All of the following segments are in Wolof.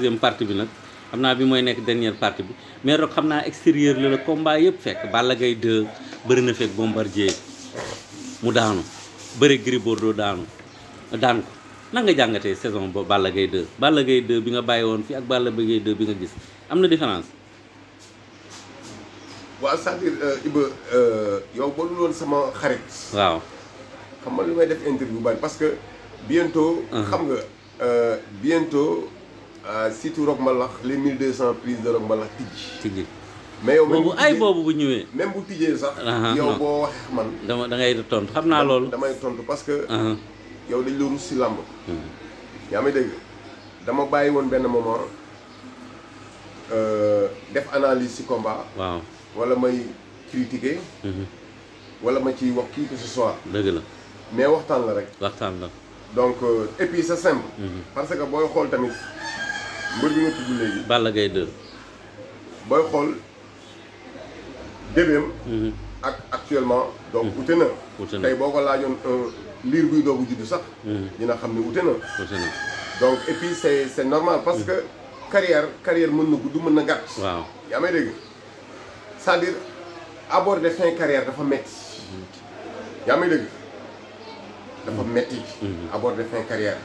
deuxième partie bi nak xamna bi moy nek dernière partie bi mais rek xamna extérieur le combat yëpp fekk Balla Gaye 2 bëri na fekk Bombardier mu daanu bëri Gris Bordeaux daanu daan ko nan nga jàngatee saison ba Balla Gaye de Balla Gaye bi nga bayiwon fi ak Balla Gaye bi nga gis am différence wa ça dire euh ibe euh yow bo lu sama xarit waaw xam nga lu may def interview ban, parce que bientôt uh-huh. xam nga euh, bientôt Euh, si Rock Malak, les 1200 prises de Rock Malak mais yow même si man. dama as tontu parce que. yow dañ un moment euh, def analyse combat. voilà, wala may critiquer. wala ma ciy qui que ce soit. mais rek. donc euh, et puis c'est simple. parce que Mbeur bi nga tudd légui. Balla Gaye 2. booy xool débeem. Mhm. ak actuellement. donc mhm. ute na. ute na tey boo ko laajoon liir buy sax. Mhm. dina xam ne na. donc et puis c'est c'est normal parce que carrière carrière mën na gudd mën na gàtt. waaw yaa may dégg c'est-à-dire aborder fin carrière dafa metti yaa may dégg dafa metti aborder fin carrière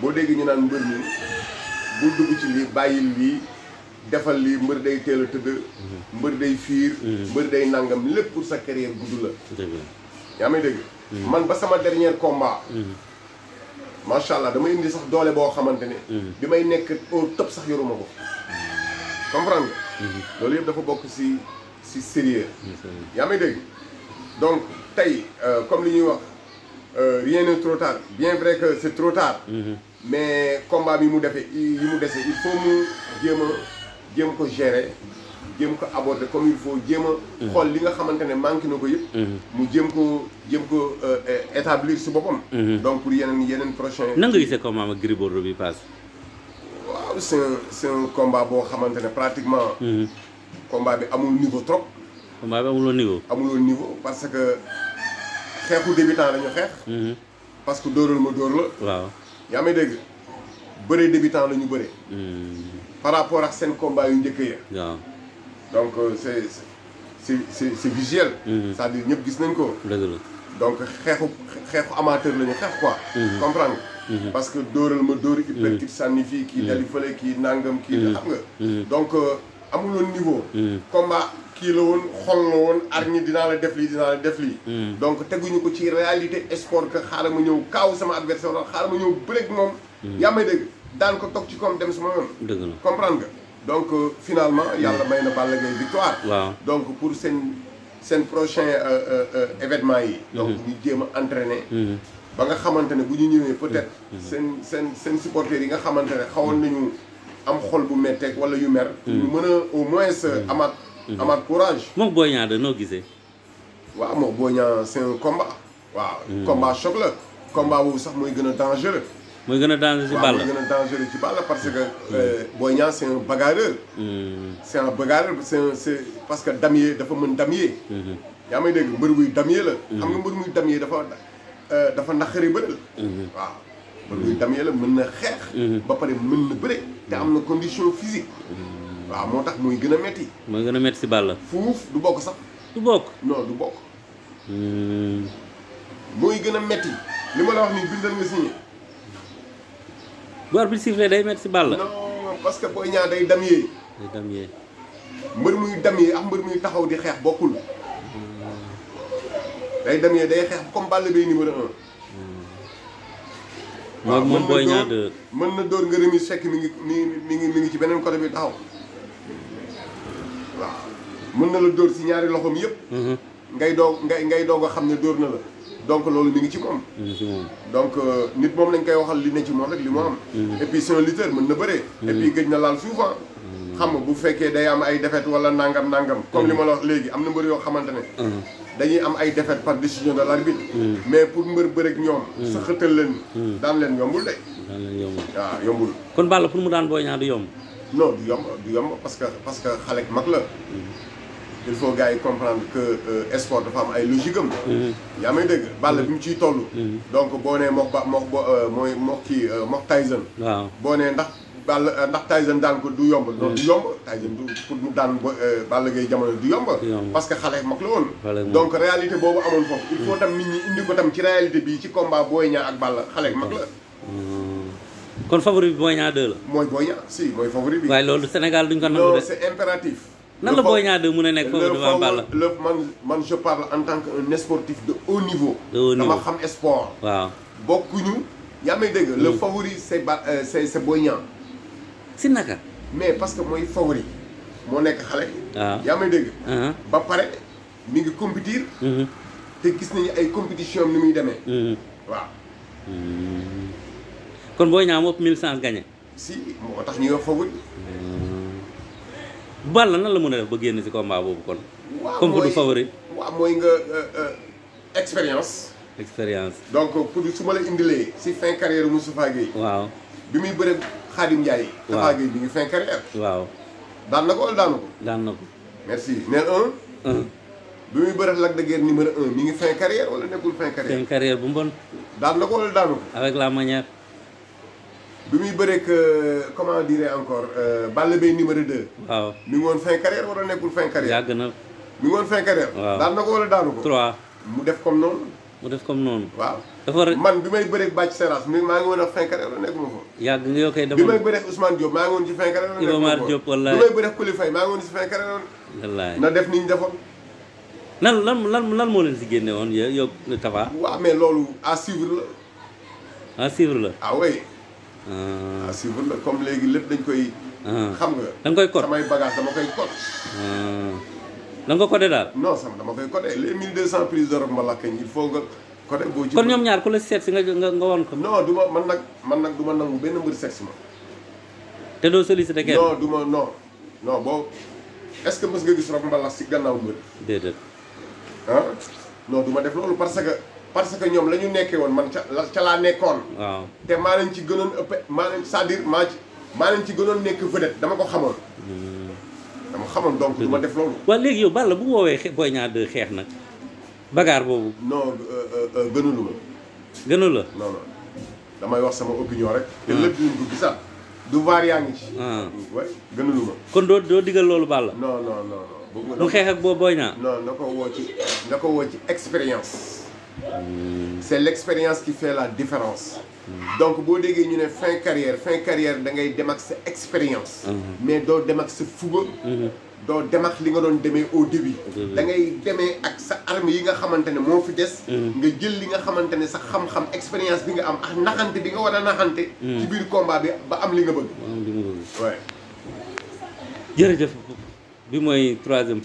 Bo dégg ñu naan mbeur mi. bul dugg ci lii bàyyil lii defal lii mbër day teel a tëdd mhm. mbër day fiir mhm. mbër day nangam lépp pour sa carrière gudd la yaa may dégg mhm. man ba sama dernier combat macha allah dama indi sax doole boo xamante ne bi may nekk au top sax yoruma ko comprendre loolu yëpp dafa bokk si si sérieux yaa may dégg donc tey euh, comme li ñuy wax euh, rien n'est trop bien vrai que c'est trop mais combat il faut gérer aborder comme il faut mmh. li nga mmh. euh, établir mmh. donc pour y un prochain est ce combat passe c'est un un combat bo, xamante pratiquement combat à mon niveau trop combat bi mon niveau niveau parce que pour débutant la ñu parce que dóoral ma il y a des débutants qui sont par rapport à ce combat yu donc euh, c'est cest visuel. Hmm. à dire ñëpp gis nañ donc amateurs. amateur quoi. Hmm. comprendre hmm. parce que dóoral ma d'or, il sànni sont kii dali fële kii nangam donc à euh, mon niveau. combat kii la woon xol la woon ar la def lii dinaa la def lii. Hmm. donc teguñu ko ci réalité sport ke xaaral ma ñëw kaaw sama adversaire wala xaaral ma ñëw bëreeg moom. Hmm. yaa may dégg daan ko tok ci koom dem sama mom. dëgg la comprendre nga. donc euh, finalement hmm. yalla may na Balla Gaye victoire. donc pour sen sen prochain euh, euh, événement yi. donc ñu jéem a entraîner. ba nga xamantene ne bu ñu ñëwee peut-être. sen sen sen supporter yi nga xamantene xawon xawoon nañu am xol bu metté wala yu mer. ñu mëna au moins amaat. C'est mhm. courage. Mon Boy de c'est un combat. un combat choc un combat un sax Il dangereux. Il mhm. y dangereux dangereux parce que. c'est un bagarreur. c'est un bagarreur c'est c'est parce que damier damier. Il mhm. may a des damier la. a nga damier il euh, des damier condition waaw moo tax muy gën a metti mooy gën a metti si Balla fuuf du bokk sax du bokk non du bokk hmm. mooy gën a metti li ma la wax nii bindal nga signé bu arbitre sifflé day metti si Balla non parce que booy ñaar day damyee day damyee mbër muy damyee ak mbër muy taxaw di xeex bokkul day damyee day xeex comme Balla Gaye numéro un hmm. moom moom Boy Niang de mën na dóor nga remis fekk mi ngi mi ngi mi ngi ci beneen côté bi taxaw mën na la dóor si ñaari loxoom yëpp. Mhm. ngay doog ngay ngay doog a xam ne dóor na la. donc loolu mi ngi ci moom. Mhm. donc euh, nit moom lañ koy waxal li ne ci moom rek li mu am. Mhm. et puis mën na bëree. et puis gëj na laal souvent. xam nga bu fekkee day am ay défaite wala nangam nangam. comme li ma la léegi am na mbër yoo xamante ne. dañuy am ay défaite par décision de l'arbitre. mais pour mbër bërek ñoom. sa xëtal leen. daan leen yombul de. daan leen yombul waaw ah, yombul. kon Balla mu daan Boy Niang du yomb. non du yomb yomb parce que parce que xale mag la. il faut gars yi comprendre que euh, sport dafa am ay logique am. Mm-hmm. yaa may dégg bàll bi mu ciy toll. Mm-hmm. donc boo nee mox ba mox ba euh, mooy mox kii euh, mox Tyson. waaw boo nee ndax bàll ndax Tyson dal ko du yomb. loolu mm-hmm. yomb Tyson du pour mu daan ba Balla jamono du yomb. parce que xalé mak la woon. donc réalité bobu amoon fof il faut tam nit ñi indi ko tam ci réalité bi ci combat Boy Niang ak balle xalé mak la. kon favori bi Boy Niang 2 la. moy Boy Niang si mooy favori bi. mais lolu Sénégal duñ ko nangu de. non c'est impératif nan le Boy de 2 nek a devant Balla le man man je parle en tant qu'un sportif de haut niveau. dama xam sport. waaw bokkuñu. yaa may le mm. favori c'est euh, c'est c'est Boy Niang. naka. mais parce que mooy favori moo nek xalé waaw ah. yaa may dégg. Uh-huh. ba paré mi ngi compétir. Mm-hmm. te gis nañu ay compétition ni muy demee. Mm-hmm. waaw. Mm-hmm. kon Boy Niang moo ëpp gagné. si mo tax ñu wax favori. Balla nan la mën a def ba génn ci combat boobu kon. comme que du favori. waaw mooy nga euh, euh, expérience. expérience donc pour su ma la indilee ci fin carrière Moustapha Gueye. waaw bi muy bëre Khadim Ndiaye. waaw Moustapha Gueye bi ngi fin carrière. waaw daan na ko wala daanu ko. daan na ko. merci neel un. bi muy bëre Lac de Guiers numéro un mi ngi fin carrière wala nekkul fin carrière. fin carrière bu mbon. na ko wala daanu ko. avec la manière. bi muy bëreeg euh, comment dirais encore euh, Balla Gaye numéro 2. waaw mi ngi woon fin carrière nekkul fin yàgg na mi ngi woon fin na ko wala daanu ko. 3 mu def comme noonu. mu def comme noonu. waaw dafa man bi may bëreeg Bathie Seras mi maa ngi woon ak fin carrière wala nekkul ko. yàgg nga yow kay dafa bi maa ngi woon ci fin carrière. Iba Mar Diop wallaay bi may bëreeg Coly Faye maa ngi woon ci fin carrière. wallaay na def ni ñu defoon. nan lan lan lan moo leen si génne woon yow Tapha. waaw mais loolu à suivre la. à ah ah si bu comme léegi lépp dañ koy. Euh. xam nga. da nga koy code samay bagage dama koy code. da euh. nga ko codé daal. non sama dama koy codé les 1200 prises de robe ma lakk il faut nga. codé boo ci kon ñoom ñaar ku la seet si nga nga nga woon ko. non du ma man nag man nag du ma nangu benn mbir sexe ma. te doo sollicité kenn. non du ma non non boo est-ce que mës nga gis robe mbalax si gannaaw mbir. déedéet. ah non du def loolu parce que. parce que ñoom la ñu nekkee woon man ca ca laa nekkoon. waaw te maa leen ci gënoon ëpp maa leen maa ci maa leen ci gënoon nekk vedette dama ko xamoon. Hmm. dama xamoon donc du ma def loolu. waaw léegi yow la bu mu woowee xe Boy Niang 2 xeex nag bagaar boobu. non euh, euh, euh, gënulu ma. gënul la wax sama opinion rek. Ah. te lépp ñu ko gisaat. du vaar yaa ngi ci. waaw ah. gënulu ma. kon doo doo digal loolu Balla. non non xeex ak boo Boy Niang. ko woo ci na ko woo ci expérience. c'est l'expérience qui fait la différence donc boo déggee ñu ne fin carrière fin carrière da ngay dem expérience mais doo dem ak sa fuga doo dem ak li nga doon demee au début da ngay demee ak sa arme yi nga xamante ne moo fi des nga jël li nga xamante ne xam-xam expérience bi nga am ak naxante bi nga war a naxante ci biir combat bi ba am li nga bëgg waaw jërëjëf bi mooy troisième